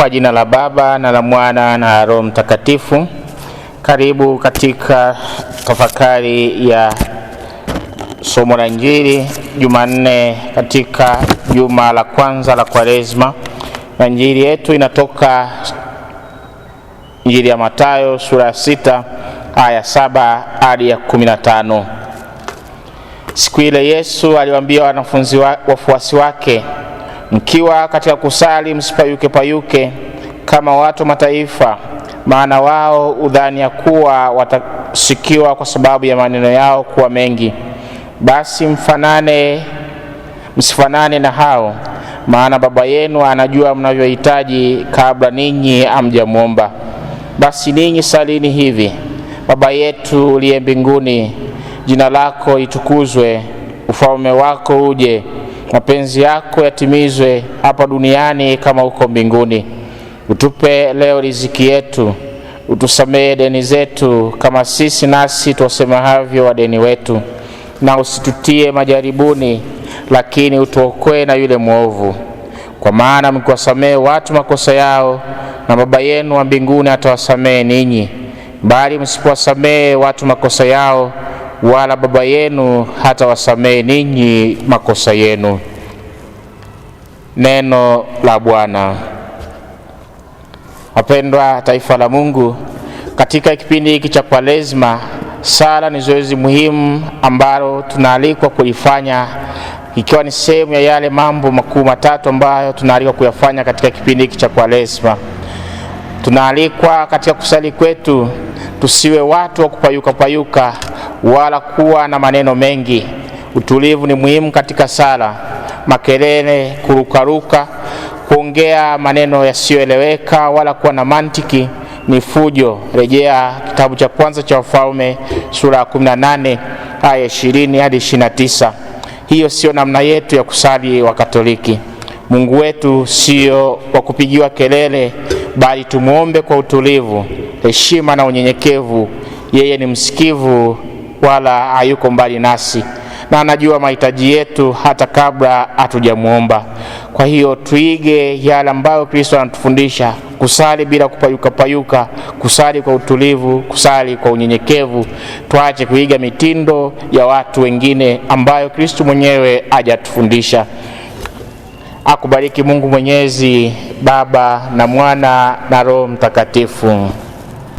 Kwa jina la Baba na la Mwana na Roho Mtakatifu. Karibu katika tafakari ya somo la Injili Jumanne katika juma la kwanza la Kwaresma, na injili yetu inatoka Injili ya Mathayo sura ya sita aya saba hadi ya kumi na tano. Siku ile Yesu aliwaambia wanafunzi wa, wafuasi wake mkiwa katika kusali msipayuke payuke kama watu mataifa, maana wao udhani ya kuwa watasikiwa kwa sababu ya maneno yao kuwa mengi. Basi mfanane, msifanane na hao, maana Baba yenu anajua mnavyohitaji kabla ninyi amjamwomba Basi ninyi salini hivi: Baba yetu uliye mbinguni, jina lako litukuzwe, ufalme wako uje mapenzi yako yatimizwe hapa duniani kama huko mbinguni. Utupe leo riziki yetu, utusamehe deni zetu kama sisi nasi havyo wadeni wetu, na usitutie majaribuni, lakini utuokoe na yule mwovu, kwa maana mkiwasamehe watu makosa yao, na Baba yenu wa mbinguni atawasamehe ninyi, bali msipowasamehe watu makosa yao wala baba yenu hata wasamehe ninyi makosa yenu. Neno la Bwana. Wapendwa taifa la Mungu, katika kipindi hiki cha Kwaresma, sala ni zoezi muhimu ambalo tunaalikwa kulifanya ikiwa ni sehemu ya yale mambo makuu matatu ambayo tunaalikwa kuyafanya katika kipindi hiki cha Kwaresma. Tunaalikwa katika kusali kwetu tusiwe watu wa kupayuka payuka wala kuwa na maneno mengi. Utulivu ni muhimu katika sala. Makelele, kurukaruka, kuongea maneno yasiyoeleweka wala kuwa na mantiki ni fujo. Rejea kitabu cha kwanza cha Wafalme sura ya 18 aya 20 hadi 29. Hiyo siyo namna yetu ya kusali wa Katoliki. Mungu wetu sio wa kupigiwa kelele, bali tumwombe kwa utulivu, heshima na unyenyekevu. Yeye ni msikivu wala hayuko mbali nasi na anajua mahitaji yetu hata kabla hatujamwomba. Kwa hiyo tuige yale ambayo Kristo anatufundisha kusali bila kupayuka payuka, kusali kwa utulivu, kusali kwa unyenyekevu. Tuache kuiga mitindo ya watu wengine ambayo Kristo mwenyewe hajatufundisha. Akubariki Mungu Mwenyezi, Baba na Mwana na Roho Mtakatifu.